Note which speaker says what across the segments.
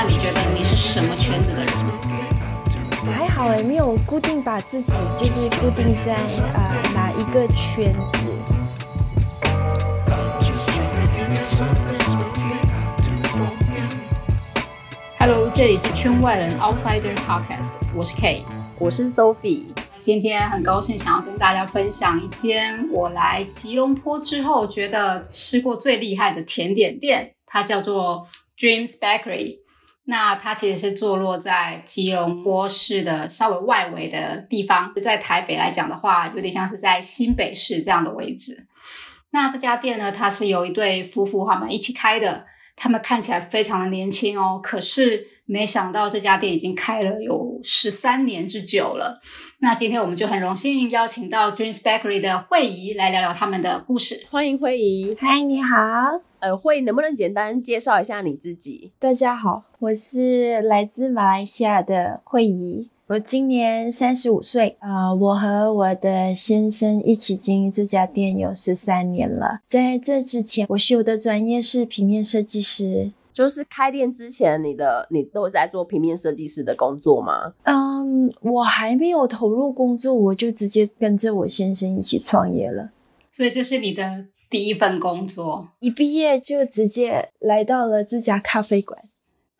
Speaker 1: 那你覺得你是什麼
Speaker 2: 圈子的人？還好哎、欸，沒有固定把自己，就是固定在啊、呃、哪一個
Speaker 1: 圈子。Hello，這裡是圈外人 Outsider Podcast，我是 K，我是 Sophie。今天很高興想要跟大家分享一間我來吉隆坡之後覺得吃過最厲害的甜點店，它叫做 Dreamz Bakery。那它其實是坐落在吉隆坡市的稍微外圍的地方，在台北來講的話，有點像是在新北市這樣的位置。那這家店呢，它是有一對夫婦他們一起開的。他們看起來非常的年輕哦，可是沒想到這家店已經開了有十三年之久了。那今天我們就很榮幸邀請到 Dreamz Bakery 的惠儀來聊聊他們的故事。歡迎惠儀，嗨，Hi, 你好。呃，惠儀能不能簡單
Speaker 3: 介紹一下你自己？
Speaker 2: 大家好，我是來自馬來西亞的惠儀。我今年三十五歲，啊、呃，我和我的先生一起經營這家店有十三年了。在這之前，我修的專業是平面設計師。
Speaker 3: 就是開店之前你，你的你都在做平面設計師的工作嗎？
Speaker 2: 嗯，我還沒有投入工作，我就直接跟着我先生一起創業了。
Speaker 1: 所以這是你的第一份工作？一畢業就直接
Speaker 2: 來到了這家咖啡館。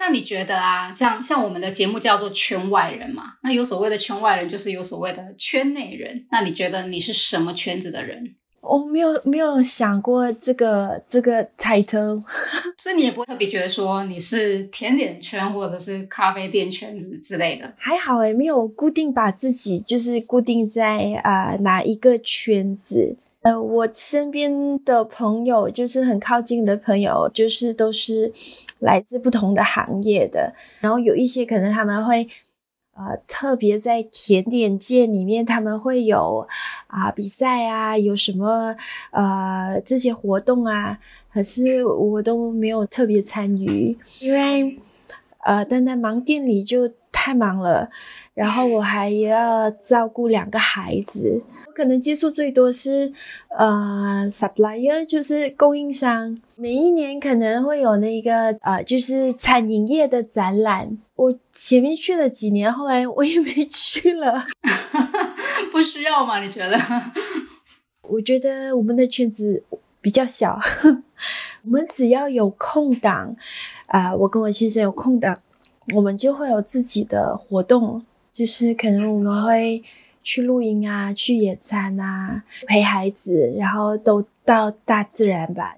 Speaker 1: 那你覺得啊，像像我們的節目叫做“圈外人”嘛？那有所謂的圈外人，就是有所謂的圈內人。那你覺得你是什麼圈子的人？我、哦、
Speaker 2: 沒有沒有想過這個這個 title
Speaker 1: 所以你也不會特別覺得說你是甜點圈或者是咖啡店圈子之類的。還
Speaker 2: 好哎，沒有固定把自己就是固定在啊、呃、哪一個圈子。呃，我身邊的朋友就是很靠近的朋友，就是都是來自不同的行業的。然後有一些可能他們會，呃，特別在甜點界裡面，他們會有啊、呃、比賽啊，有什麼呃這些活動啊。可是我都沒有特別參與，因為呃，單單忙店裡就太忙了。然後我還要照顧兩個孩子，我可能接觸最多是呃 supplier，就是供應商。每一年可能會有那個呃，就是餐飲業的展覽，我前面去了幾年，後來
Speaker 1: 我也沒去了。 不需要嘛，你覺得？
Speaker 2: 我覺得我們的圈子比較小， 我們只要有空檔，啊、呃，我跟我先生有空檔，我們就會有自己的活動。就是可能我們會去露營啊，去野餐啊，陪孩子，然後都到大自然吧。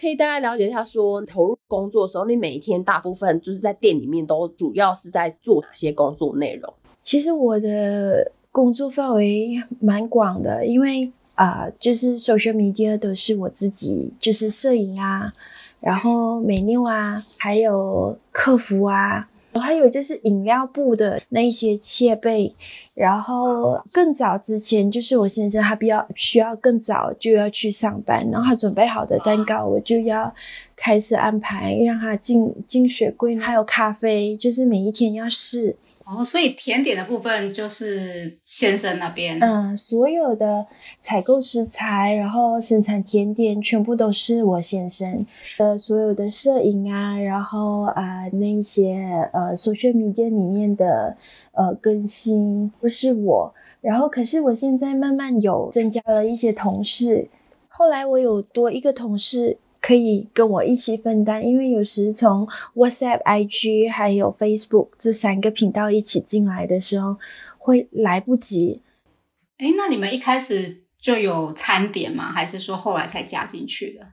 Speaker 3: 可以大概了解一下說，說投入工作的時候，你每一天大部分就是在店裡面，都主要是在做哪些工作內容？
Speaker 2: 其實我的工作範圍蠻廣的，因為啊、呃，就是 social media 都是我自己，就是攝影啊，然後美妞啊，還有客服啊。還有就是飲料部的那些切備，然後更早之前就是我先生他比較需要更早就要去上班，然後他準備好的蛋糕我就要開始安排讓他進進雪櫃，還有咖啡就是每一天要試。
Speaker 1: 哦，oh, 所以甜點的部分就是先生那
Speaker 2: 邊，嗯，所有的採購食材，然後生產甜點全部都是我先生。呃，所有的攝影啊，然後啊、呃、那一些呃 social media 裡面的呃更新都是我。然後可是我現在慢慢有增加了一些同事，後來我有多一個同事，可以跟我一起分擔，因為有時從 WhatsApp、IG 還有 Facebook 這三個頻道一起進來的時候，會來不及。
Speaker 1: 誒，那你們一開始就有餐點嗎？還是說後來才加進去的？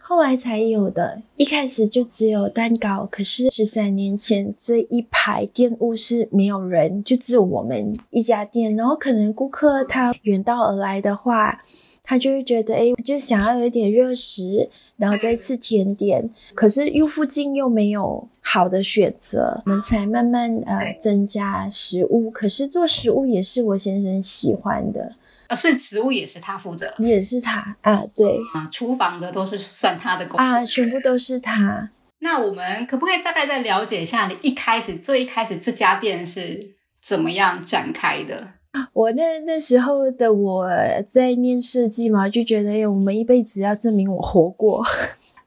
Speaker 2: 後來才有的，一開始就只有蛋糕。可是十三年前這一排店屋是沒有人，就只有我們一家店。然後可能顧客他遠道而來的話，他就會覺得，哎、欸，就想要有一點熱食，然後再吃甜點。可是又附近又沒有好的選擇，我們才慢慢呃增加食物。可是做食物也是我先生喜歡的
Speaker 1: 啊，所以食物也是他負責，也是他
Speaker 2: 啊，對啊，
Speaker 1: 廚房的都是算他的工資啊，全部都是他。那我們可不可以大概再了解一下，你一開始最一開始這家店是怎麼樣展開的？
Speaker 2: 我那，那時候的我在念設計嘛，就覺得哎，我們一輩子要證明我活過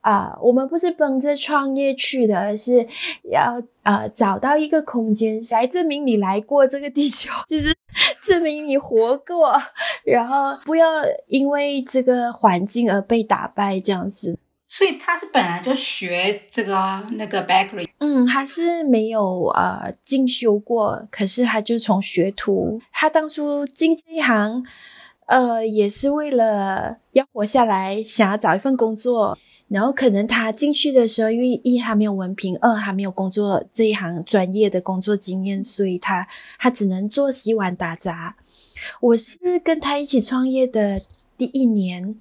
Speaker 2: 啊！我們不是奔着創業去的，而是要啊找到一個空間來證明你來過這個地球，就是證明你活過，然後不要因為這個環境而被打敗這樣子。
Speaker 1: 所以他是本來就學這個那個 bakery，
Speaker 2: 嗯，他是沒有呃進修過，可是他就從學徒。
Speaker 1: 他當初進這一行，
Speaker 2: 呃，也是為了要活下來，想要找一份工作。然後可能他進去的時候，因為一他沒有文憑，二他沒有工作這一行專業的工作經驗，所以他他只能做洗碗打雜。我是跟他一起創業的第一年。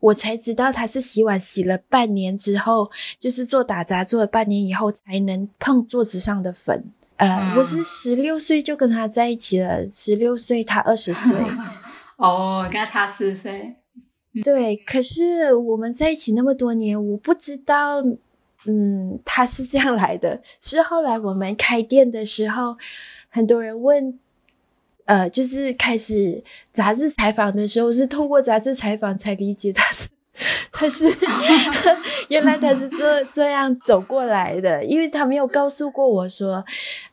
Speaker 2: 我才知道他是洗碗洗了半年之後，就是做打雜做了半年以後才能碰桌子上的粉。呃，嗯、我是十六歲就跟他在一起了，十六歲他二十歲。
Speaker 1: 哦，跟他差四歲。嗯、
Speaker 2: 對，可是我們在一起那麼多年，我不知道，嗯，他是這樣來的。是後來我們開店的時候，很多人問。呃，就是開始雜誌採訪的時候，是透過雜誌採訪才理解他是他是 原來他是這這樣走過來的，因為他沒有告訴過我說，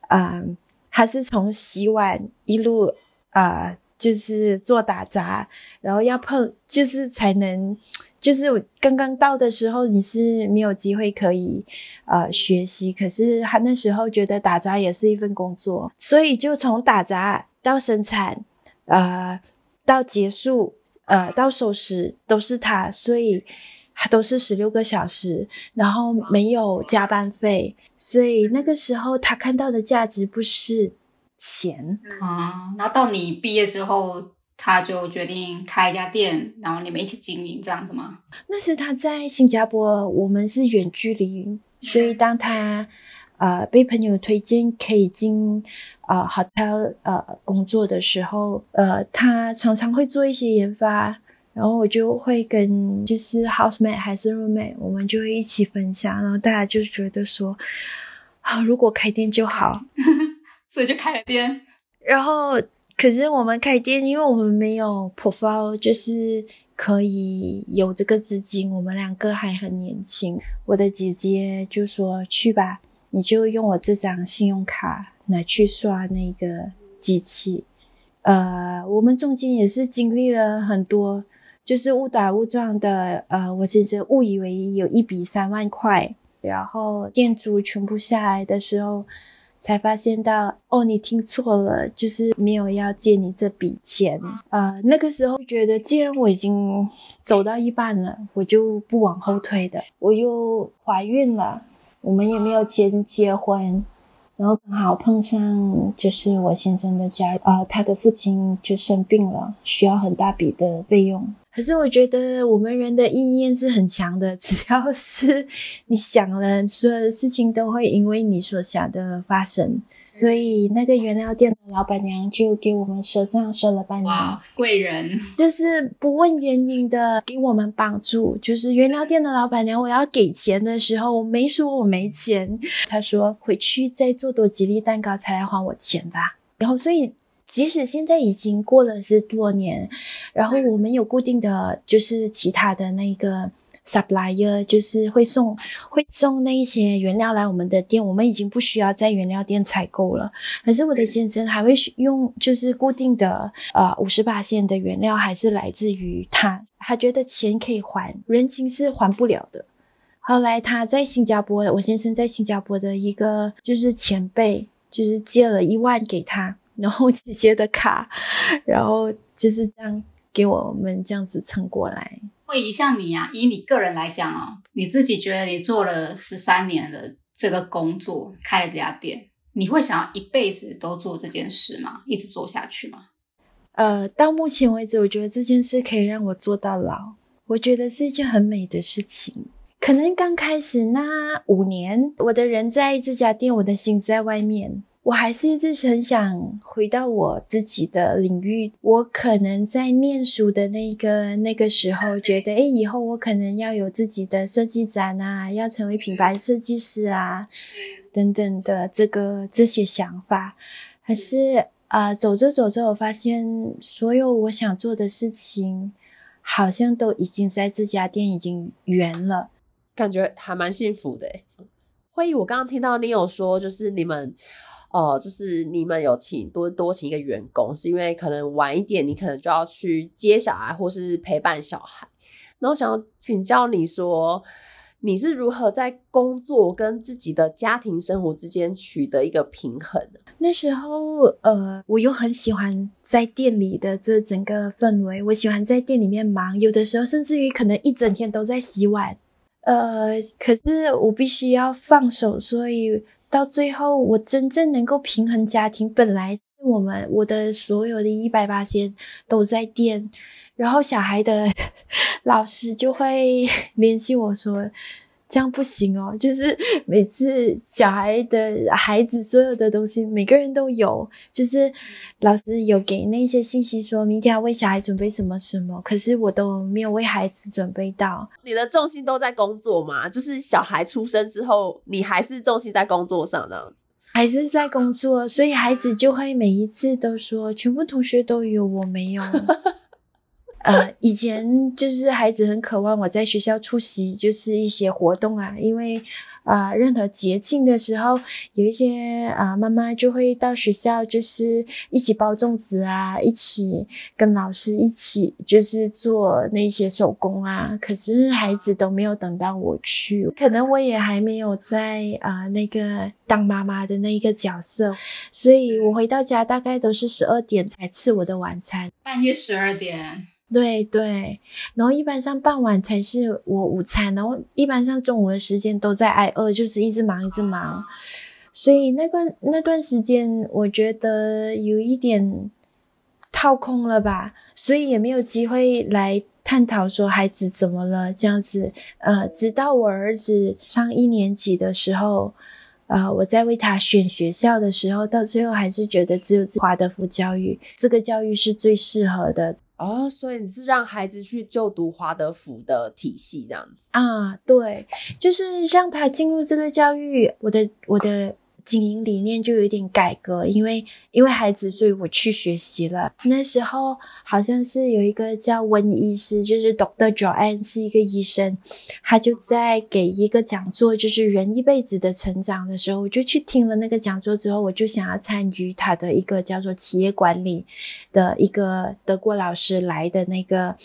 Speaker 2: 嗯、呃，他是從洗碗一路啊、呃，就是做打雜，然後要碰就是才能就是我剛剛到的時候你是沒有機會可以呃學習，可是他那時候覺得打雜也是一份工作，所以就從打雜。到生產，呃，到結束，呃，到收拾都是他，所以他都是十六個小時，然後沒有加班費，所以那個時候他看到的價值不是錢
Speaker 1: 啊。嗯嗯、那到你畢業之後，他就決定開一家店，然後你們一起經營這樣子嗎？
Speaker 2: 那是他在新加坡，我們是遠距離，所以當他呃被朋友推薦可以經。啊，好，他呃工作的時候，呃、uh, 他常常會做一些研發，然後我就會跟就是 housemate 還是 roommate，我們就會一起分享，然後大家就覺得說啊，如果開店就好
Speaker 1: ，Okay. 所以就開了店。
Speaker 2: 然後可是我們開店，因為我們沒有 profile，就是可以有這個資金，我們兩個還很年輕，我的姐姐就說去吧，你就用我這張信用卡。來去刷那個機器，呃，我們中間也是經歷了很多，就是誤打誤撞的，呃，我其實誤以為有一筆三萬塊，然後店主全部下來的時候，才發現到哦，你聽錯了，就是沒有要借你這筆錢。呃，那個時候就覺得既然我已經走到一半了，我就不往後退的。我又懷孕了，我們也沒有錢結婚。然後剛好碰上，就是我先生的家啊，呃，他的父親就生病了，需要很大筆的費用。可是我覺得我們人的意念是很強的，只要是你想了，所有的事情都會因為你所想的發生。所以那個原料店的老闆娘就給我們賒賬賒了半年，
Speaker 1: 貴人
Speaker 2: 就是不問原因的給我們幫助。就是原料店的老闆娘，我要給錢的時候，我沒說我沒錢， 她說回去再做多幾粒蛋糕才來還我錢吧。然後，所以即使現在已經過了十多年，然後我們有固定的就是其他的那個。supplier 就是會送會送那一些原料來我們的店，我們已經不需要在原料店採購了。可是我的先生還會用，就是固定的，呃，五十巴仙的原料還是來自於他。他覺得錢可以還，人情是還不了的。後來他在新加坡，我先生在新加坡的一個就是前輩，就是借了一萬給他，然後我姐姐的卡，然後就是這樣給我們這樣子撐過來。
Speaker 1: 會像你啊，以你個人來講哦，你自己覺得你做了十三年的這個工作，開了這家店，你會想要一輩子都做這件事嗎？一直做下去嗎？
Speaker 2: 呃，到目前為止，我覺得這件事可以讓我做到老，我覺得是一件很美的事情。可能剛開始那五年，我的人在這家店，我的心在外面。我還是一直很想回到我自己的領域。我可能在念書的那個那個時候，覺得誒、欸、以後我可能要有自己的設計展啊，要成為品牌設計師啊，等等的這個這些想法。可是啊、呃，走着走着，我發現所有我想做的事情，好像都已經在這家店已經圓了，
Speaker 3: 感覺還蠻幸福的。惠儀，我剛剛聽到你有說，就是你們。哦、呃，就是你們有請多多請一個員工，是因為可能晚一點你可能就要去接小孩或是陪伴小孩。那我想請教你說，你是如何在工作跟自己的家庭生活之間取得一個平衡？那時候，
Speaker 2: 呃，我又很喜歡在店裡的這整個氛圍，我喜歡在店裡面忙，有的時候甚至於可能一整天都在洗碗。呃，可是我必須要放手，所以。到最後，我真正能夠平衡家庭，本來我們我的所有的一百巴仙都在店，然後小孩的呵呵老師就會聯繫我說。這樣不行哦，就是每次小孩的孩子所有的東西，每個人都有。就是老師有給那些信息，說明天要為小孩準備什麼什麼，可是我都沒有為孩子準備到。
Speaker 3: 你的重心都在工作嗎？就是小孩出生之後，你還是重心在工作上，這樣子？
Speaker 2: 還是在工作，所以孩子就會每一次都說，全部同學都有，我沒有。 呃，以前就是孩子很渴望我在學校出席，就是一些活動啊，因為啊、呃，任何節慶的時候，有一些啊、呃、媽媽就會到學校，就是一起包粽子啊，一起跟老師一起就是做那些手工啊。可是孩子都沒有等到我去，可能我也還沒有在啊、呃、那個當媽媽的那一個角色，所以我回到家大概都是十二點才吃我的晚餐，
Speaker 1: 半夜十二點。
Speaker 2: 對對，然後一般上傍晚才是我午餐，然後一般上中午的時間都在挨餓，就是一直忙一直忙，所以那段那段時間我覺得有一點掏空了吧，所以也沒有機會來探討說孩子怎麼了這樣子，呃，直到我兒子上一年級的時候。呃，我在為他選學校的時候，到最後還是覺得只有華德福教育這個教育是最適合的。
Speaker 3: 哦，所以你是讓孩子去就讀華德福的體系這樣
Speaker 2: 子。啊，
Speaker 3: 對，
Speaker 2: 就是讓他進入這個教育，我的我的。經營理念就有點改革，因為因為孩子，所以我去學習了。那時候好像是有一個叫溫醫師，就是 Doctor John，是一個醫生，他就在給一個講座，就是人一輩子的成長的時候，我就去聽了那個講座之後，我就想要參與他的一個叫做企業管理的一個德國老師來的那個，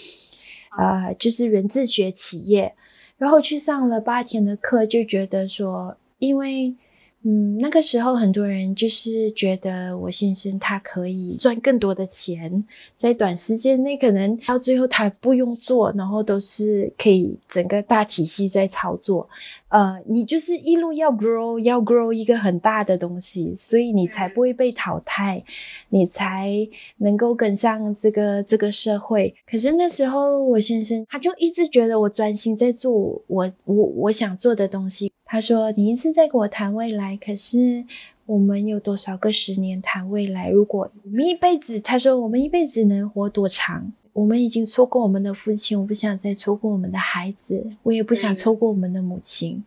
Speaker 2: 呃，就是人自學企業，然後去上了八天的課，就覺得說，因為。嗯，那個時候很多人就是覺得我先生他可以賺更多的錢，在短時間內可能到最後他不用做，然後都是可以整個大體系在操作。呃，你就是一路要 grow，要 grow 一個很大的東西，所以你才不會被淘汰，你才能夠跟上這個這個社會。可是那時候我先生他就一直覺得我專心在做我我我想做的東西。他說，你一直在跟我談未來，可是我們有多少個十年談未來？如果我們一輩子，他說我們一輩子能活多長？我們已經錯過我們的父親，我不想再錯過我們的孩子，我也不想錯過我們的母親。嗯嗯、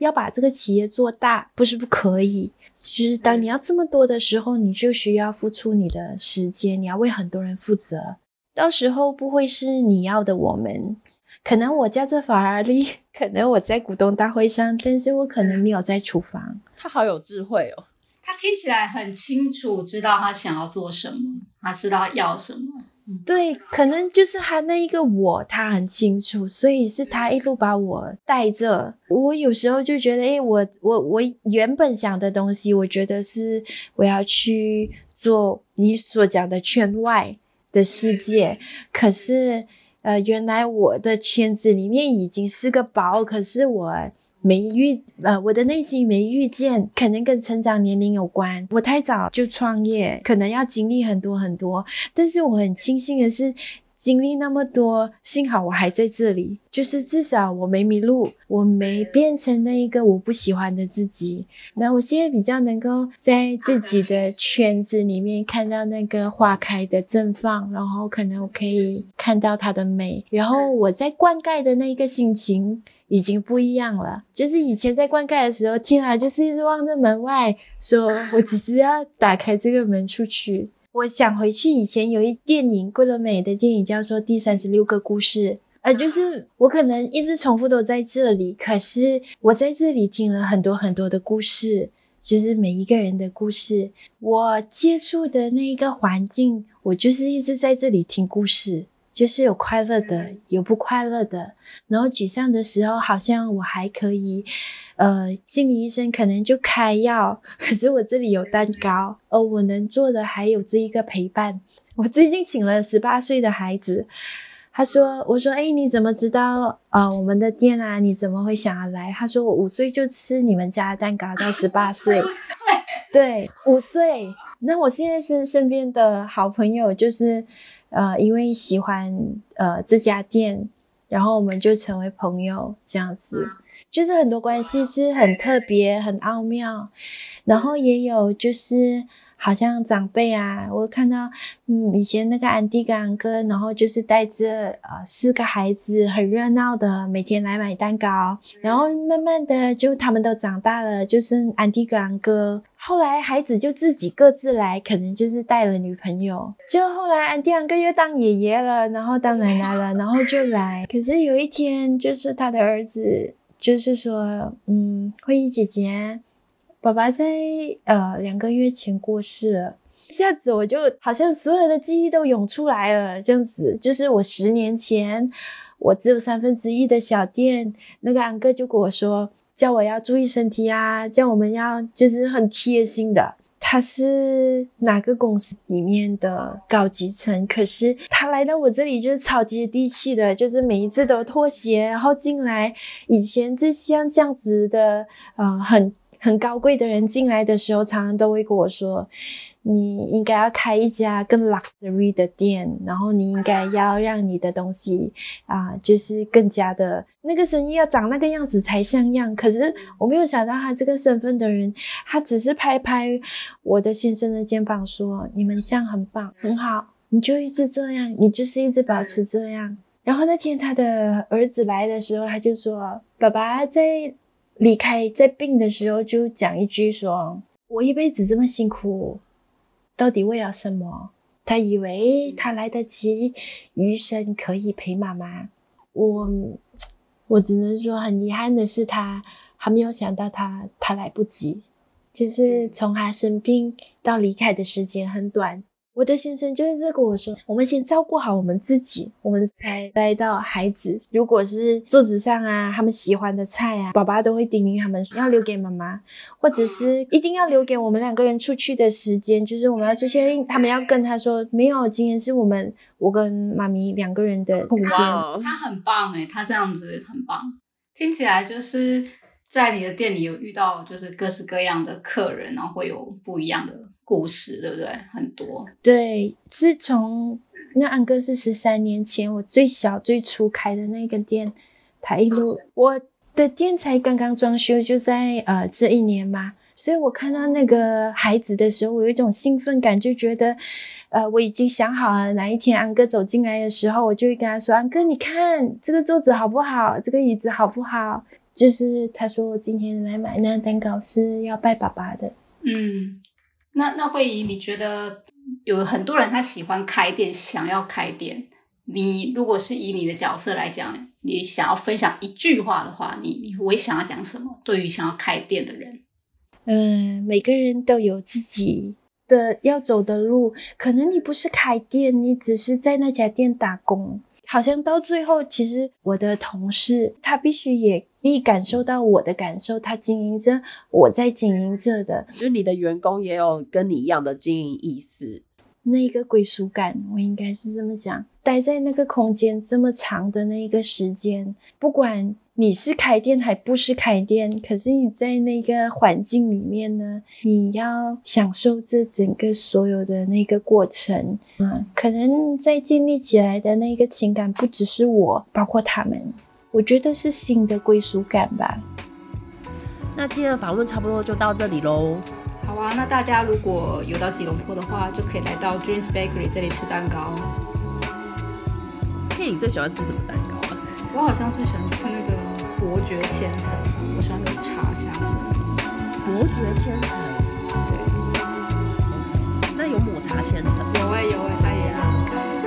Speaker 2: 要把這個企業做大，不是不可以，就是當你要這麼多的時候，嗯、你就需要付出你的時間，你要為很多人負責。到時候不會是你要的。我們可能我家在法拉利，可能我在股東大會上，但是我可能沒有在廚房。
Speaker 1: 他好有智慧哦，他聽起來很清楚，知道他想要做什麼，他知道要什麼。
Speaker 2: 對，可能就是他那一個我，他很清楚，所以是他一路把我帶着。我有時候就覺得，哎、欸，我我我原本想的東西，我覺得是我要去做你所講的圈外的世界，可是，呃，原來我的圈子裡面已經是個薄，可是我。沒遇呃，我的內心沒遇見，可能跟成長年齡有關。我太早就創業，可能要經歷很多很多。但是我很慶幸的是，經歷那麼多，幸好我還在這裡，就是至少我沒迷路，我沒變成那一個我不喜歡的自己。那我現在比較能夠在自己的圈子裡面看到那個花開的綻放，然後可能我可以看到它的美，然後我在灌溉的那一個心情，已經不一樣了，就是以前在灌溉的時候，聽啊，就是一直望着門外，說，我只是要打開這個門出去。 我想回去，以前有一電影，桂綸鎂的電影叫做《第三十六個故事》。呃，就是我可能一直重複都在這裡，可是我在這裡聽了很多很多的故事，就是每一個人的故事。我接觸的那個環境，我就是一直在這裡聽故事。就是有快樂的，有不快樂的，然後沮喪的時候，好像我還可以，呃，心理醫生可能就開藥，可是我這裡有蛋糕，而、呃、我能做的還有這一個陪伴。我最近請了十八歲的孩子。他說：“我說，哎、欸，你怎麼知道，呃，我們的店啊，你怎麼會想要來？”他說：“我五歲就吃你們家的蛋糕，到十八歲， 對，五歲。 那我現在是身邊的好朋友，就是，呃，因為喜歡，呃，這家店，然後我們就成為朋友這樣子，嗯、就是很多關係是很特別、嗯、很奧妙，然後也有就是。”好像長輩啊，我看到，嗯，以前那個安迪跟安哥，然後就是帶着呃四個孩子，很熱鬧的，每天來買蛋糕。然後慢慢的就，就他們都長大了，就是安迪跟安哥。後來孩子就自己各自來，可能就是帶了女朋友。就後來安迪安哥又當爺爺了，然後當奶奶了，然後就來。可是有一天，就是他的兒子，就是說，嗯，惠儀姐姐，爸爸在呃兩個月前過世了，一下子我就好像所有的記憶都湧出來了。這樣子就是我十年前，我只有三分之一的小店，那個安哥就跟我說，叫我要注意身體啊，叫我們要就是很貼心的。他是哪個公司裡面的高級層，可是他來到我這裡就是超接地氣的，就是每一次都脫鞋，然後進來，以前就像這樣子的呃很。很高貴的人進來的時候，常常都會跟我說：“你應該要開一家更 luxury 的店，然後你應該要讓你的東西啊、呃，就是更加的，那個生意要長那個樣子才像樣。”可是我沒有想到，他這個身份的人，他只是拍拍我的先生的肩膀說：“你們這樣很棒，很好，你就一直這樣，你就是一直保持這樣。”然後那天他的兒子來的時候，他就說：“爸爸在。”離開在病的時候就講一句說：“我一輩子這麼辛苦，到底為了什麼？”他以為他來得及，餘生可以陪媽媽。我，我只能說很遺憾的是他，他還沒有想到他他來不及。就是從他生病到離開的時間很短。我的先生就是這個，我說，我們先照顧好我們自己，我們才帶到孩子。如果是桌子上啊，他們喜歡的菜啊，爸爸都會叮嚀他們說要留給媽媽，或者是一定要留給我們兩個人出去的時間，就是我們要出去，他們要跟他說，沒有，今天是我們我跟媽咪兩個人的空間。哇哦。
Speaker 1: 他很棒誒，他這樣子很棒。聽起來就是在你的店裡有遇到就是各式各樣的客人，然後會有不一樣的，故事
Speaker 2: 對不對？很多對。自從那安哥是十三年前我最小最初開的那個店，台一路是我的店才剛剛裝修，就在呃這一年嘛。所以我看到那個孩子的時候，我有一種興奮感，就覺得呃我已經想好了哪一天安哥走進來的時候，我就會跟他說：“安哥、嗯，你看這個桌子好不好？這個椅子好不好？”就是他說我今天來買那蛋糕是要拜爸爸的。嗯。
Speaker 1: 那那惠儀，你覺得有很多人他喜歡開店，想要開店。你如果是以你的角色來講，你想要分享一句話的話，你你會想要講什麼？對於想要開店的人，
Speaker 2: 嗯，每個人都有自己的要走的路。可能你不是開店，你只是在那家店打工。好像到最後，其實我的同事他必須也。可以感受到我的感受，他
Speaker 3: 經營着，我在經營着的，所以你的員工也有跟你一樣的經營意識，
Speaker 2: 那個歸屬感，我應該是這麼講，待在那個空間這麼長的那一個時間，不管你是開店還不是開店，可是你在那個環境裡面呢，你要享受這整個所有的那個過程，啊、嗯，可能在建立起來的那個情感不只是我，包括他們。我覺得是心的歸屬感吧。
Speaker 3: 那今天的訪問差不多就到這裡嘍。
Speaker 1: 好啊,那大家如果有到吉隆坡的話，就可以來到 Dreamz Bakery 這裡吃蛋糕。
Speaker 3: 嘿，你最喜歡吃什麼蛋糕啊？
Speaker 1: 我好像最喜歡吃那個伯爵千層，我喜歡有茶香。伯爵千層，對。那有抹茶千層？有哎、欸、有哎、欸，當然。